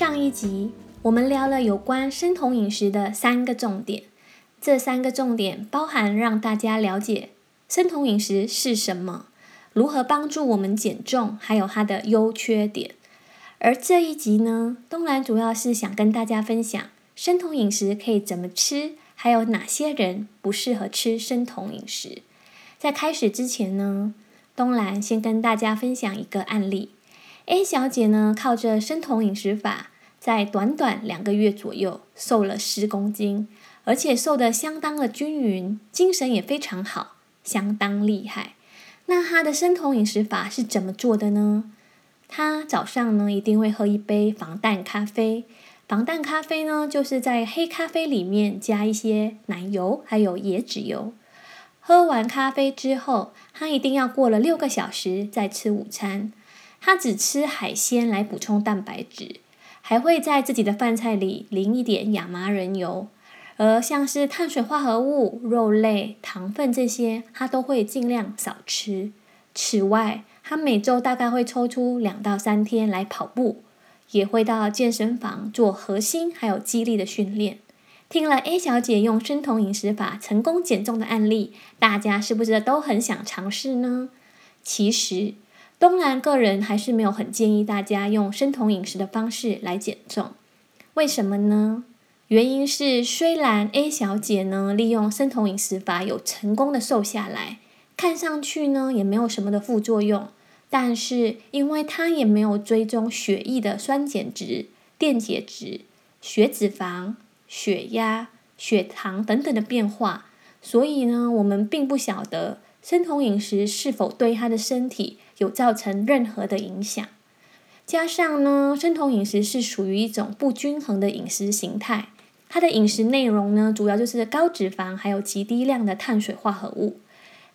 上一集我們聊了有關生酮飲食的三個重點，這三個重點包含讓大家了解生酮飲食是什麼，如何幫助我們減重，還有它的優缺點。而這一集呢，東蘭主要是想跟大家分享生酮飲食可以怎麼吃，還有哪些人不適合吃生酮飲食。在開始之前呢，東蘭先跟大家分享一個案例。A 小姐呢，靠着生酮飲食法，在短短兩個月左右瘦了十公斤，而且瘦得相當的均勻，精神也非常好，相當厲害。那她的生酮飲食法是怎麼做的呢？她早上呢一定會喝一杯防彈咖啡，防彈咖啡呢就是在黑咖啡裡面加一些奶油還有椰子油。喝完咖啡之後，她一定要過了六個小時再吃午餐。他只吃海鮮來補充蛋白質，還會在自己的飯菜裡淋一點亞麻仁油，而像是碳水化合物、肉類、糖分這些，他都會盡量少吃。此外，他每週大概會抽出兩到三天來跑步，也會到健身房做核心還有肌力的訓練。聽了 A 小姐用生酮飲食法成功減重的案例，大家是不是都很想嘗試呢？其實，東蘭個人還是沒有很建議大家用生酮飲食的方式來減重，為什麼呢？原因是雖然 A 小姐呢利用生酮飲食法有成功的瘦下來，看上去呢也沒有什麼的副作用，但是因為她也沒有追蹤血液的酸鹼值、電解質、血脂肪、血壓、血糖等等的變化，所以呢我們並不曉得。生酮飲食是否對他的身體有造成任何的影響？加上呢，生酮飲食是屬於一種不均衡的飲食形態，它的飲食內容呢，主要就是高脂肪，還有極低量的碳水化合物。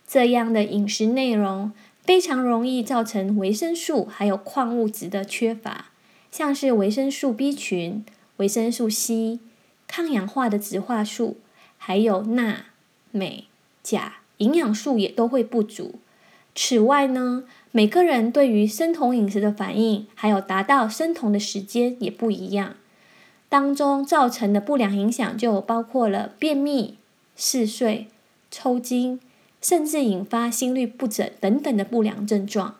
這樣的飲食內容非常容易造成維生素還有礦物質的缺乏，像是維生素 B 群、維生素 C、抗氧化的植化素，還有鈉、鎂、鉀。營養素也都會不足。此外呢，每個人對於生酮飲食的反應，還有達到生酮的時間也不一樣。當中造成的不良影響就包括了便秘、嗜睡、抽筋，甚至引發心律不整等等的不良症狀。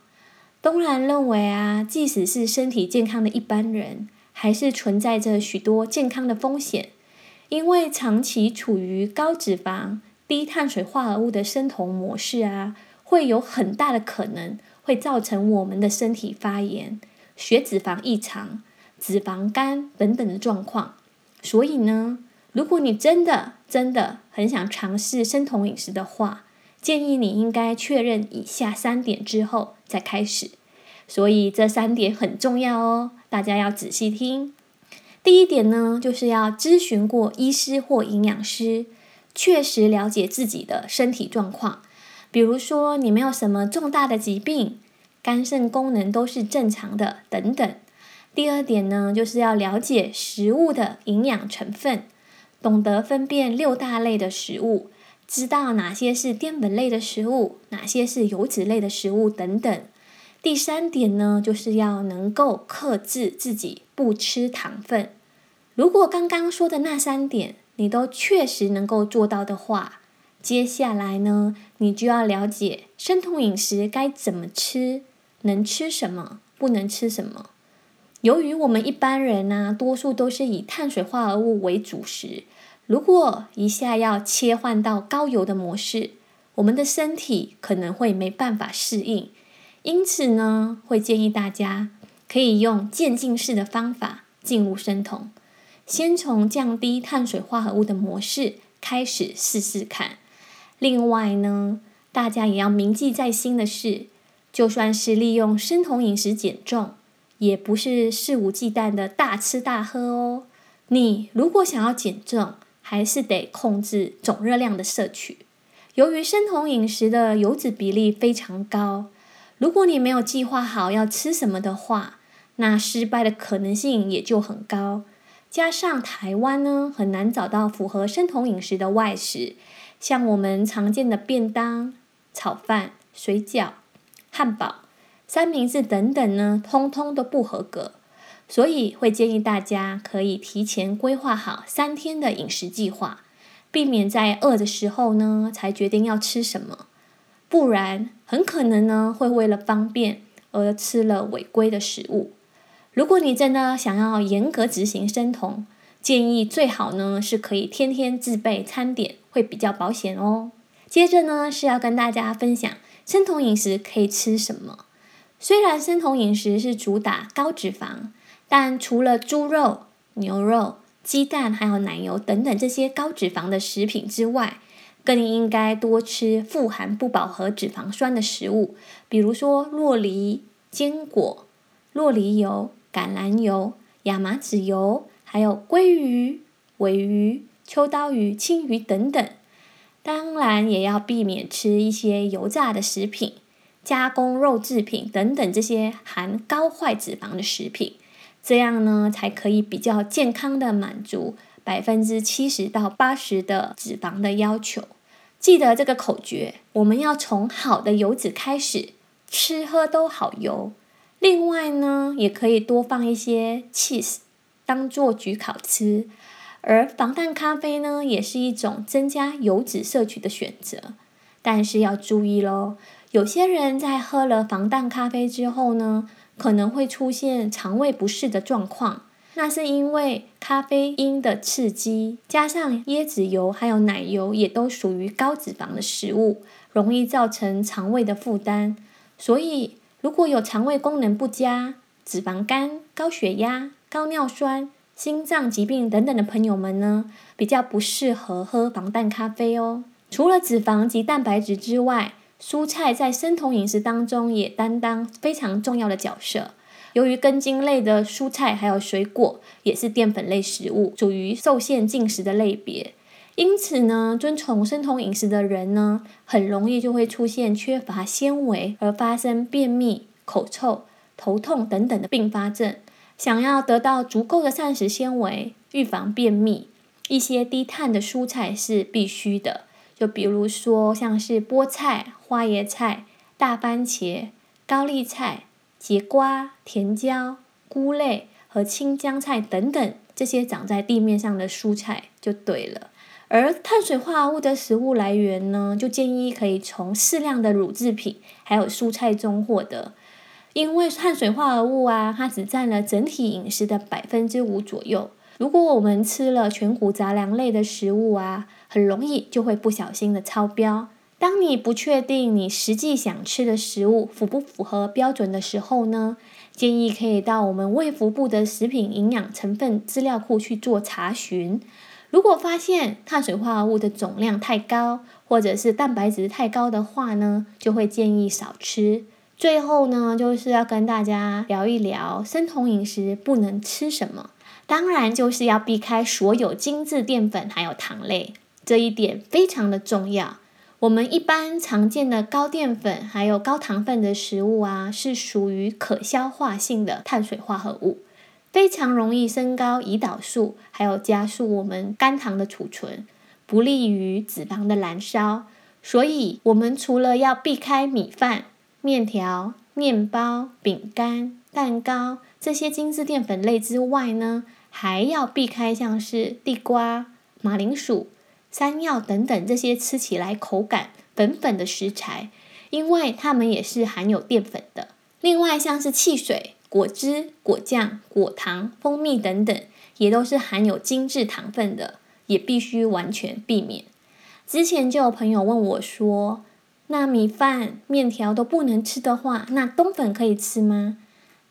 東蘭認為啊，即使是身體健康的一般人，還是存在着許多健康的風險，因為長期處於高脂肪。低碳水化合物的生酮模式啊，會有很大的可能會造成我們的身體發炎、血脂肪異常、脂肪肝等等的狀況。所以呢，如果你真的真的很想嘗試生酮飲食的話，建議你應該確認以下三點之後再開始。所以這三點很重要哦，大家要仔細聽。第一點呢，就是要諮詢過醫師或營養師。確實了解自己的身體狀況，比如說你沒有什麼重大的疾病，肝腎功能都是正常的等等。第二點呢，就是要了解食物的營養成分，懂得分辨六大類的食物，知道哪些是澱粉類的食物，哪些是油脂類的食物等等。第三點呢，就是要能夠克制自己不吃糖分。如果剛剛說的那三點，你都確實能夠做到的話，接下來呢，你就要了解生酮飲食該怎麼吃，能吃什麼，不能吃什麼。由於我們一般人呢、啊，多數都是以碳水化合物為主食，如果一下要切換到高油的模式，我們的身體可能會沒辦法適應，因此呢，會建議大家可以用漸進式的方法進入生酮。先從降低碳水化合物的模式開始試試看。另外呢，大家也要銘記在心的是，就算是利用生酮飲食減重，也不是肆無忌憚的大吃大喝哦。你如果想要減重，還是得控制總熱量的攝取。由於生酮飲食的油脂比例非常高，如果你沒有計劃好要吃什麼的話，那失敗的可能性也就很高。加上台灣呢，很難找到符合生酮飲食的外食，像我們常見的便當、炒飯、水餃、漢堡、三明治等等呢，通通都不合格。所以會建議大家可以提前規劃好三天的飲食計劃，避免在餓的時候呢才決定要吃什麼，不然很可能呢會為了方便而吃了違規的食物。如果你真的想要嚴格執行生酮，建議最好呢是可以天天自備餐點，會比較保險哦。接着呢是要跟大家分享生酮飲食可以吃什麼。雖然生酮飲食是主打高脂肪，但除了豬肉、牛肉、雞蛋還有奶油等等這些高脂肪的食品之外，更應該多吃富含不飽和脂肪酸的食物，比如說酪梨、堅果、酪梨油。橄欖油、亞麻籽油，還有鮭魚、鮭魚、鮭魚、秋刀魚、鯖魚等等。當然，也要避免吃一些油炸的食品、加工肉製品等等這些含高壞脂肪的食品。這樣呢，才可以比較健康的滿足百分之七十到八十的脂肪的要求。記得這個口訣：我們要從好的油脂開始，吃喝都好油。另外呢，也可以多放一些 cheese 當做焗烤吃。而防彈咖啡呢也是一種增加油脂攝取的選擇，但是要注意嘍，有些人在喝了防彈咖啡之後呢，可能會出現腸胃不適的狀況，那是因為咖啡因的刺激，加上椰子油還有奶油也都屬於高脂肪的食物，容易造成腸胃的負擔，所以。如果有腸胃功能不佳、脂肪肝、高血壓、高尿酸、心臟疾病等等的朋友們呢，比較不適合喝防彈咖啡哦。除了脂肪及蛋白質之外，蔬菜在生酮飲食當中也擔當非常重要的角色。由於根莖類的蔬菜還有水果也是澱粉類食物，屬於受限進食的類別。因此呢，遵從生酮飲食的人呢，很容易就會出現缺乏纖維而發生便秘、口臭、頭痛等等的併發症。想要得到足夠的膳食纖維，預防便秘，一些低碳的蔬菜是必須的。就比如說，像是菠菜、花椰菜、大番茄、高麗菜、節瓜、甜椒、菇類和青江菜等等這些長在地面上的蔬菜就對了。而碳水化合物的食物來源呢，就建議可以從適量的乳制品還有蔬菜中獲得，因為碳水化合物啊，它只佔了整體飲食的百分之五左右。如果我們吃了全谷雜糧類的食物啊，很容易就會不小心的超標。當你不確定你實際想吃的食物符不符合標準的時候呢，建議可以到我們衛福部的食品營養成分資料庫去做查詢。如果發現碳水化合物的總量太高，或者是蛋白質太高的話呢，就會建議少吃。最後呢，就是要跟大家聊一聊生酮飲食不能吃什麼。當然就是要避開所有精緻澱粉還有糖類，這一點非常的重要。我們一般常見的高澱粉還有高糖分的食物啊，是屬於可消化性的碳水化合物。非常容易升高胰島素，還有加速我們肝糖的儲存，不利於脂肪的燃燒。所以，我們除了要避開米飯、麵條、麵包、餅乾、蛋糕這些精制澱粉類之外呢，還要避開像是地瓜、馬鈴薯、山藥等等這些吃起來口感粉粉的食材，因為它們也是含有澱粉的。另外，像是汽水。果汁、果醬、果糖、蜂蜜等等，也都是含有精製糖分的，也必須完全避免。之前就有朋友問我說：“那米飯、麵條都不能吃的話，那冬粉可以吃嗎？”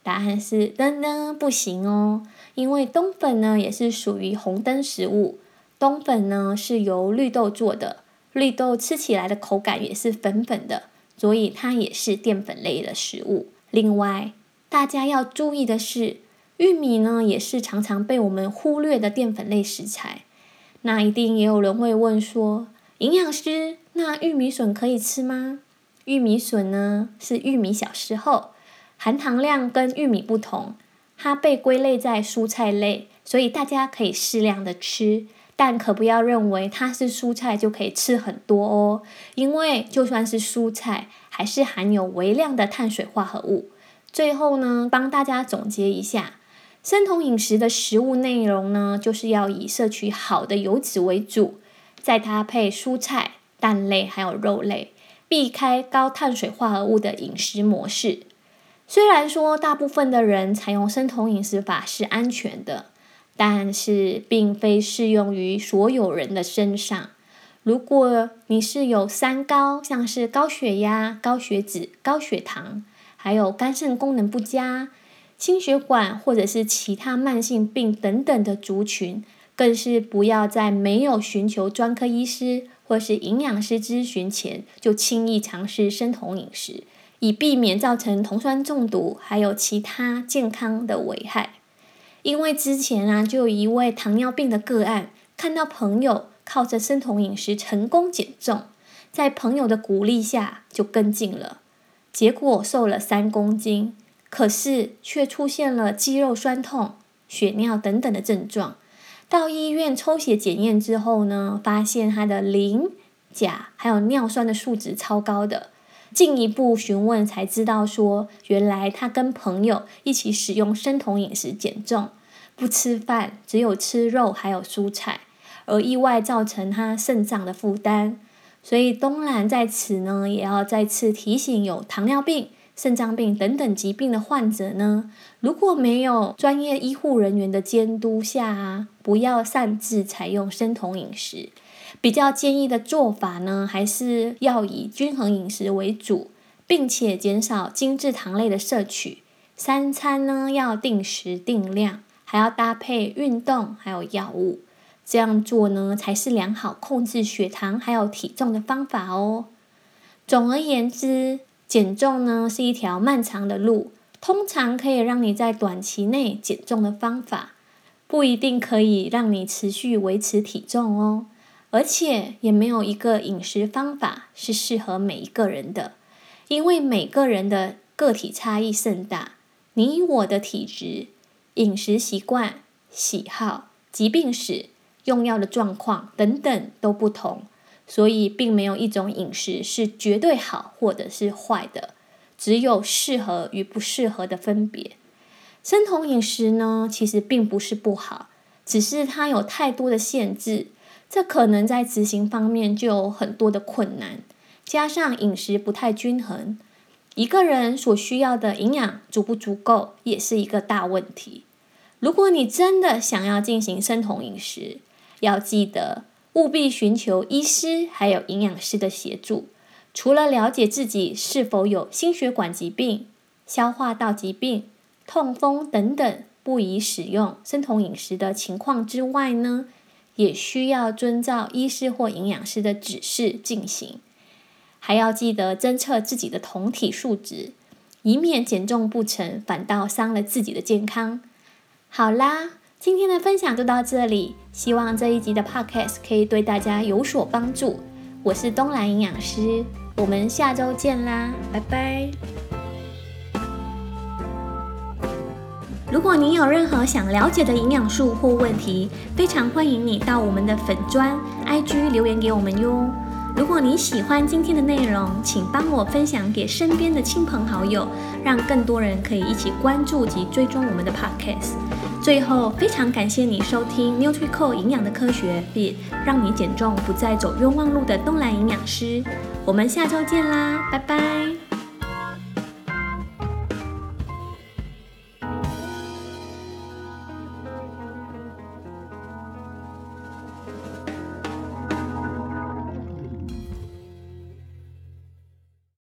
答案是：噔噔，不行哦，因為冬粉呢也是屬於紅燈食物。冬粉呢是由綠豆做的，綠豆吃起來的口感也是粉粉的，所以它也是澱粉類的食物。另外，大家要注意的是，玉米呢也是常常被我們忽略的澱粉類食材。那一定也有人會問說，營養師，那玉米筍可以吃嗎？玉米筍呢是玉米小時候，含糖量跟玉米不同，它被歸類在蔬菜類，所以大家可以適量的吃，但可不要認為它是蔬菜就可以吃很多哦，因為就算是蔬菜，還是含有微量的碳水化合物。最後呢，幫大家總結一下生酮飲食的食物內容呢，就是要以攝取好的油脂為主，再搭配蔬菜、蛋類還有肉類，避開高碳水化合物的飲食模式。雖然說大部分的人採用生酮飲食法是安全的，但是並非適用於所有人的身上。如果你是有三高，像是高血壓、高血脂、高血糖，還有肝腎功能不佳、心血管或者是其他慢性病等等的族群，更是不要在沒有尋求專科醫師或是營養師諮詢前，就輕易嘗試生酮飲食，以避免造成酮酸中毒還有其他健康的危害。因為之前啊，就有一位糖尿病的個案，看到朋友靠着生酮飲食成功減重，在朋友的鼓勵下就跟進了。結果瘦了三公斤，可是卻出現了肌肉痠痛、血尿等等的症狀。到醫院抽血檢驗之後呢，發現他的磷、鉀還有尿酸的數值超高的。進一步詢問才知道說，原來他跟朋友一起使用生酮飲食減重，不吃飯，只有吃肉還有蔬菜，而意外造成他腎臟的負擔。所以，東蘭在此呢，也要再次提醒有糖尿病、腎臟病等等疾病的患者呢，如果沒有專業醫護人員的監督下啊，不要擅自採用生酮飲食。比較建議的做法呢，還是要以均衡飲食為主，並且減少精製糖類的攝取。三餐呢要定時定量，還要搭配運動，還有藥物。這樣做呢，才是良好控制血糖還有體重的方法哦。總而言之，減重呢是一條漫長的路。通常可以讓你在短期內減重的方法，不一定可以讓你持續維持體重哦。而且也沒有一個飲食方法是適合每一個人的，因為每個人的個體差異甚大。你我的體質、飲食習慣、喜好、疾病史。用藥的狀況等等都不同，所以並沒有一種飲食是絕對好或者是壞的，只有適合與不適合的分別。生酮飲食呢，其實並不是不好，只是它有太多的限制，這可能在執行方面就有很多的困難，加上飲食不太均衡，一個人所需要的營養足不足夠也是一個大問題。如果你真的想要進行生酮飲食，要記得務必尋求醫師還有營養師的協助。除了了解自己是否有心血管疾病、消化道疾病、痛風等等不宜使用生酮飲食的情況之外呢，也需要遵照醫師或營養師的指示進行。還要記得偵測自己的酮體數值，以免減重不成反倒傷了自己的健康。好啦。今天的分享就到這裡，希望這一集的 podcast 可以對大家有所幫助。我是東蘭營養師，我們下周見啦，拜拜！如果你有任何想了解的營養素或問題，非常歡迎你到我們的粉專 IG 留言給我們喲。如果你喜歡今天的內容，請幫我分享給身邊的親朋好友，讓更多人可以一起關注及追蹤我們的 podcast。最後，非常感謝你收聽 NutriCore 營養的科學，並讓你減重不再走冤枉路的東蘭營養師。我們下周見啦，拜拜。